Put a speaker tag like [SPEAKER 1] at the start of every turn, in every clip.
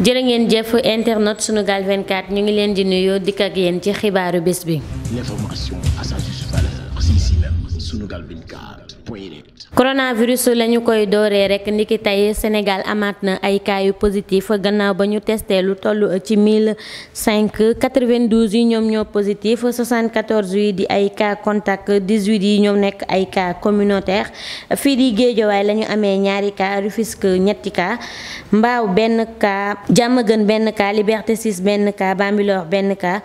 [SPEAKER 1] jërë ngeen jëf internet Sunugal 24 ñu ngi leen di nuyoo dikk ak yéen ci xibaaru bés bi. L'information coronavirus la ñu koy dooree rek niki tey Sénégal amaat na ay cas yu positif gannaaw ba ñu testé lu toll ci 1005 92 yi ñoom ñoo positif 74 yi di ay cas contact 18 yi ñoom nekk ay cas communautaire fii di Géejawaay lañu amee ñaari cas Rufisque ñetti cas Mbaaw benn cas Diamaguène benn cas Liberté 6 benn cas Bambilor benn cas.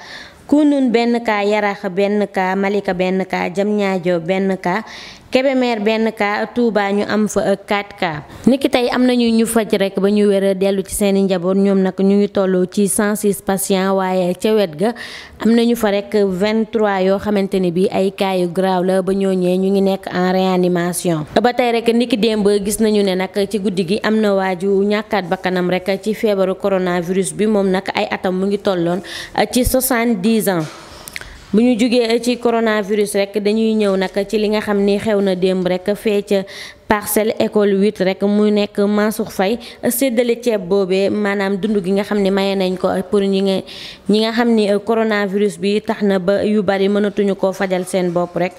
[SPEAKER 1] Kundun benn cas Yarax benn cas Malika benn kaa Jamñaajo benn cas Kébémer benn cas Touba ñu am fa 4 euh, cas niki tey am nañu ñu faj rek ba ñu wér dellu ci seen i njaboot ñoom nag ñu ngi toll ci 106 patients waaye ca ga am nañu fa rek 23 yoo xamante ni bii ay cas yu graaw la ba ñooñee ñu ngi nekk en réanimation ba tey rek niki démb gis nañu ne nag ci guddi gi am na waa waaju ñàkkaat bakkanam rek ci feebaru coronavirus bi moom nag ay atam mu ngi tolloon ci 70 ans. bu ñu jugee ci coronavirus rek dañuy ñëw nag ci li nga xam ni xew na démb rek fee ca parcelle école 8 rek muy nekk Mansour Faye séddale ceeb boobee maanaam dund gi nga xam ne maye nañ ko pour ñi nga ñi nga xam ni euh, coronavirus bi tax na ba yu bari mënatuñu koo fajal seen bopp rek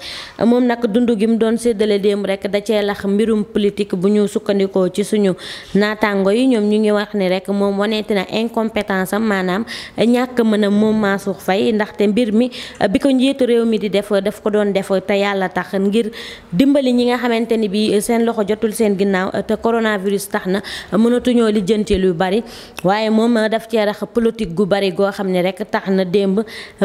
[SPEAKER 1] moom nag dund gi mu doon séddale démb rek dacee lax mbirum politique bu ñu sukkandikoo ci suñu naataango yi ñoom ñu ngi wax ni rek moom waneeti na incompétence am maanaam ñàkk mën a moom Mansour Faye ndaxte mbir mi euh, bi ko njiitu réew mi di def daf ko doon def seen loxo jotul seen ginnaaw te coronavirus tax na mënatuñoo lijjanti lu bari waaye moom daf cee rax politique gu bari goo xam ne rek tax na démb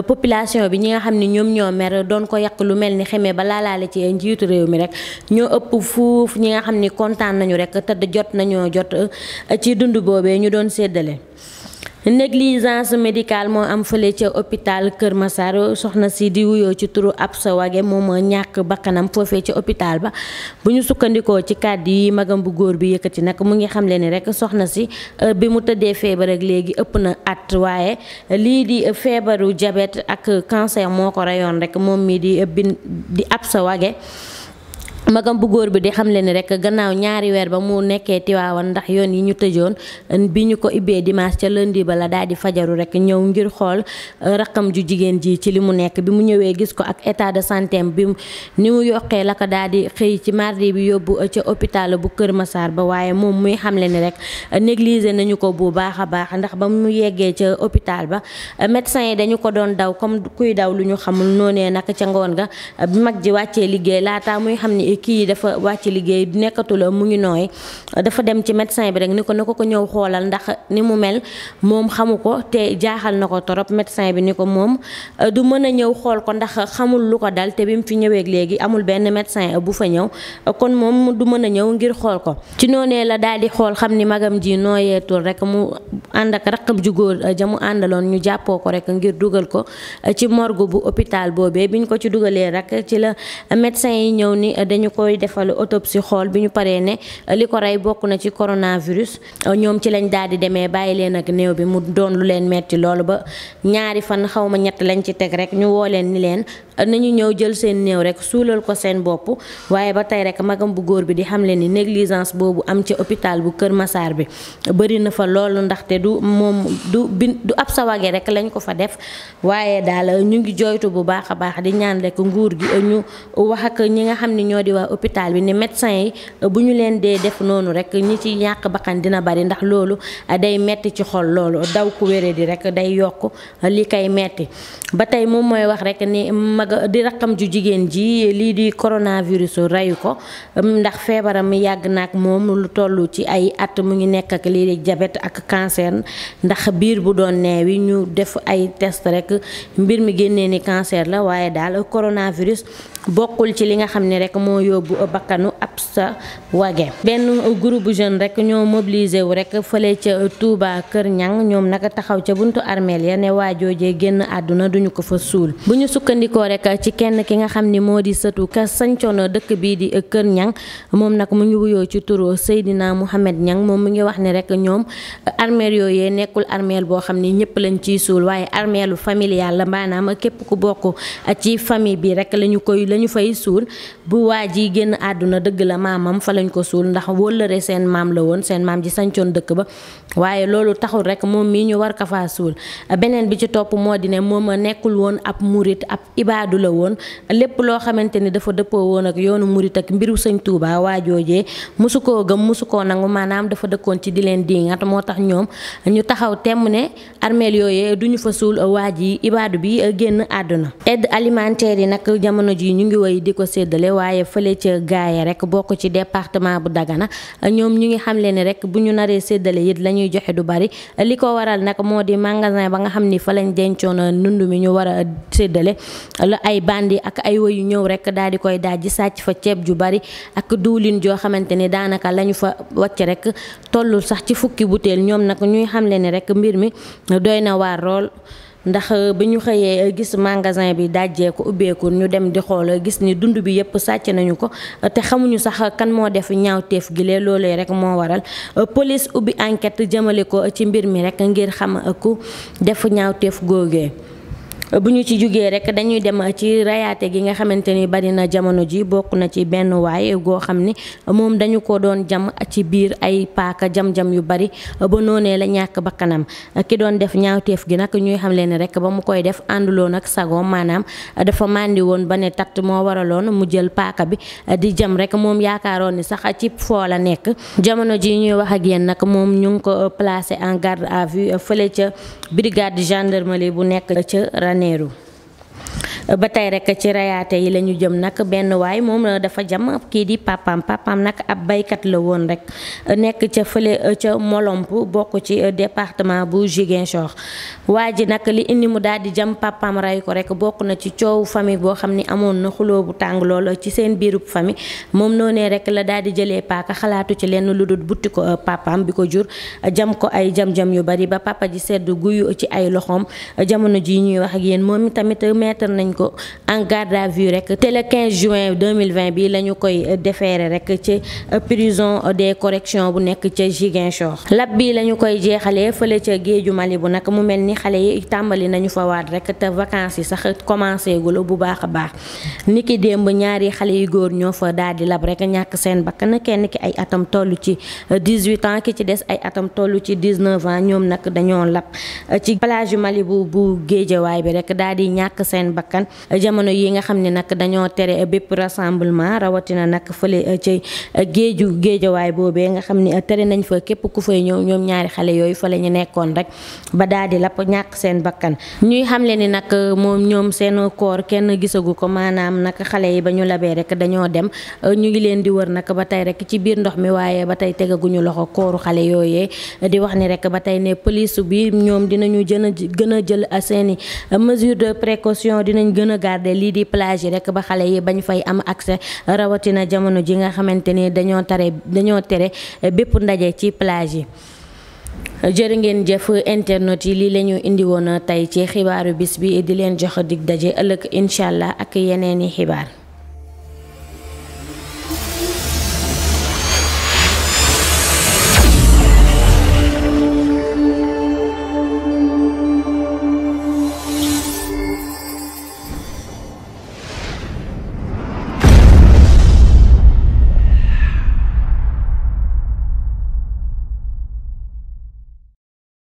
[SPEAKER 1] population bi ñi nga xam ni ñoom ñoo mer doon ko yàq lu mel ni xeme ba laalaale ci njiitu réew mi rek ñoo ëpp fuuf ñi nga xam ni kontaan nañu rek te jot nañoo jot ci dund boobee ñu doon séddale négligence médicale moo am fële ca hôpital Kër Massar soxna si di wuyoo ci turu Absa Wagué moom moo ñàkk bakkanam foofee ci hôpital ba bu ñu sukkandikoo ci kàddu yi magam bu góor bi yëkkati nag mu ngi xam le ni rek soxna si euh, bi mu tëddee feebar ak léegi ëpp na at waaye lii di feebaru jabet ak cancer moo ko reyoon rek moom mi di euh, bin di sa wage magam bu góor bi di xamle ni rek gannaaw ñaari weer ba mu nekkee Tiwaawan ndax yoon yi ñu tëjoon bi ñu ko ibbee dimanche ca lëndi ba la daal di fajaru rek ñëw ngir xool uh, rakam ju jigéen ji ci li mu nekk bi mu ñëwee gis ko ak état de santé bi ni mu yokkee la ko daal di xëy ci mardi bi yóbbu uh, ca hôpital bu Kër Massar ba waaye moom muy xamle ni rek uh, négligé nañu ko bu baax a baax ndax ba mu yeggee ca hôpital ba médecin yi dañu ko doon daw comme kuy daw lu ñu xamul noonee nag ca ngoon ga kii dafa wàcc liggéey nekkatula mu ngi nooy dafa dem ci médecin bi rek ni ko na ko ko ñëw xoolal ndax ni mu mel moom xamu ko te jaaxal na ko torop médecin bi ni ko moom euh, du mën a ñëw xool ko ndax xamul lu ko dal te bi mu fi ñëwee léegi amul benn médecin bu fa ñëw kon moom du mën a ñëw ngir xool ko ci noonee la daal di xool xam ni magam ji nooyeetul rek mu ànd ak raqam ju góor euh, ja mu àndaloon ñu jàppoo ko rek ngir dugal ko euh, ci morgue bu hôpital boobee biñ ko ci dugalee rek ci la médecin yi ñëw ni dañu koy defal autopsie xool bi ñu paree ne euh, li ko rey bokk na ci coronavirus euh, ñoom ci lañ daal di demee bàyyi leen ak néew bi mu doon lu leen metti loolu ba ñaari fan xaw ma ñett lañ ci teg rek ñu woo leen ni leen nañu ñëw jël seen néew rek suulal ko seen bopp waaye ba tey rek magam bu góor bi di xamle ni néglisance boobu am ci hôpital bu Kër Massar bi bëri na fa loolu ndaxte du moom du bin du ab sawage rek lañ ko fa def waaye daal ñu ngi jooytu bu baax a baax di ñaan rek nguur gi ñu wax ak ñi nga xam ni ñoo di waa hôpital bi ni médecin yi bu ñu leen dee def noonu rek ñi ci ñàkk bakkan dina bari ndax loolu day metti ci xol loolu daw ku wéré di rek day yokk li kay metti di rakkam ju jigéen ji lii di coronavirus reyu ko um, ndax feebaram yàgg naag moom lu toll ci ay at mu ngi nekk ak lii di diabète ak cancer ndax biir bu doon neewi ñu def ay test rek mbir mi génnee ni cancer la waaye daal coronavirus bokkul ci li nga xam ne rek moo yóbbu bakkanu ab sa wage benn groupe jeune rek ñoo mobilisé wu rek fële ca Touba Kër Ñang ñoom naka taxaw ca buntu armeel ya ne waajoojee génn àdduna duñu ko fa suul bu ñu sukkandikoo rek ci kenn ki nga xam ni moo di sëtu ka sancoon dëkk bii di Kër Ñang moom nag mu ngi wuyoo ci turu Seydina Mouhamed Ñang moom mu ngi wax ne rek ñoom armeel yooyee nekkul armeel boo xam ni ñëpp lañ ciy suul waaye armeelu familial la maanaam képp la ñu fay suul bu waa ji génn àdduna dëgg la maamam fa lañ ko suul ndax wóllëre seen maam la woon seen maam ji sancoon dëkk ba waaye loolu taxul rek moom mii ñu war ka faa suul beneen bi ci topp moo di ne moom a nekkul woon ab murit ab ibaadu la woon lépp loo xamante ni dafa dëppoo woon ak yoonu murit ak mbiru sëñ Touba waa joojee mosu koo gëm mosu koo nangu maanaam dafa dëkkoon ci di leen dii ngat moo tax ñoom ñu taxaw temm ne armeel yooyee duñu fa suul waa ji ibaadu bi génn àdduna ñu ngi woy di ko séddale waaye fële ca gaaye rek bokk ci département bu Dagana ñoom ñu ngi xamle ni rek bu ñu naree séddale it la ñuy joxe du bari li ko waral nag moo di magasin ba nga xam ni fa lañ dencoon ndund mi ñu war a séddale la ay bandi ak ay woyu ñëw rek daal di koy daaj ji sàcc fa ceeb ju bari ak diwlin joo xamante ni daanaka lañu fa wacc rek tollul sax ci fukki butéel ñoom nag ñuy xamle ni rek mbir mi doy na waar lool ndax euh, bi ñu xëyee euh, gis magasin bi dajjee ko ubbeeku ñu dem di xool euh, gis ni dund bi yëpp sàcc nañu ko te xamuñu sax kan moo def ñaawteef gi lee loolee rek moo waral police ubbi enquête jëmale ko ci mbir mi rek ngir xam ku def ñaawteef googee bu ñu ci jugee rek dañuy dem ci rayaate gi nga xamante ni bari na jamono ji bokk na ci benn waay goo xam ni moom dañu ko doon jam ci biir ay paaka jam-jam yu bari ba noonee la ñàkk bakkanam ki doon def ñaawteef gi nag ñuy xam leen rek ba mu koy def ànduloon ak sago maanaam dafa màndi woon ba ne tat moo waraloon mu jël paaka bi di jam rek moom yaakaaroon ni sax ci foo la nekk jamono ji ñuy wax ak yéen nag moom ñu ngi ko placé en garde à vue fële ca brigade gendarmerie bu nekk ca janeiro. ba tey rek ci rayaate yi la ñu jëm nag benn waay moom dafa jam kii di papaam papaam nag ab baykat la woon rek nekk ca fële ca Molomp bokk ci département bu Ziguinchor waa ji nag li indi mu daal di jam papaam ray ko rek bokk na ci coowu famille boo xam ni amoon na xuloo bu tàng lool ci seen biirub famille moom noonee rek daal di jëlee paaka xalaatu ci lenn lu dul butti ko euh, papaam bi ko jur jam ko ay jam yu bari ba papa ji sedd guyu ci ay loxoom jamono nañ nañ ko en garde à vue rek te le 15 juin 2020 bi la ñu koy déféré rek ci euh, prison des corrections bu nekk ca Ziguinchor lab bi la ñu koy jeexalee fële ca géeju Mali bu nag mu mel ni xale yi tàmbali nañu fa waat rek te vacances yi sax commencé gul bu baax a baax niki démb ñaari xale yu góor ñoo fa daal di lab rek ñàkk seen bakkan kenn ki ay atam toll ci 18 euh, ans ki ci des ay atam toll ci 19 ans ñoom nag dañoo lab euh, ci plage Mali bu bu géejawaay bi Bougane jamono yi nga xam ne nag dañoo tere bépp rassemblement rawatina nag fële eh, ci eh, géeju géejawaay boobee nga xam ne eh, tere nañ fa képp ku fay ñëw ñoom ñaari xale yooyu fa la ñu nekkoon rek ba daal di lapp ñàkk seen bakkan ñuy xamle ni nag moom ñoom seen koor kenn gisagu ko maanaam nag xale yi ba ñu labee rek dañoo dem ñu ngi leen di wër nag ba tey rek ci biir ndox mi waaye ba tey tegaguñu loxo kooru xale yooyee di wax ni rek ba tey ne gën a jël ñu gën a garder lii di plage yi rekk ba xale yi bañ fay am accès rawatina jamono ji nga xamante ni dañoo tare dañoo tere bépp ndaje ci plage yi jërë ngeen jëf internet yi lii la ñu indi woon tey ci xibaaru bis bi di leen jox dig daje ëllëg incha allah ak yeneeni xibaar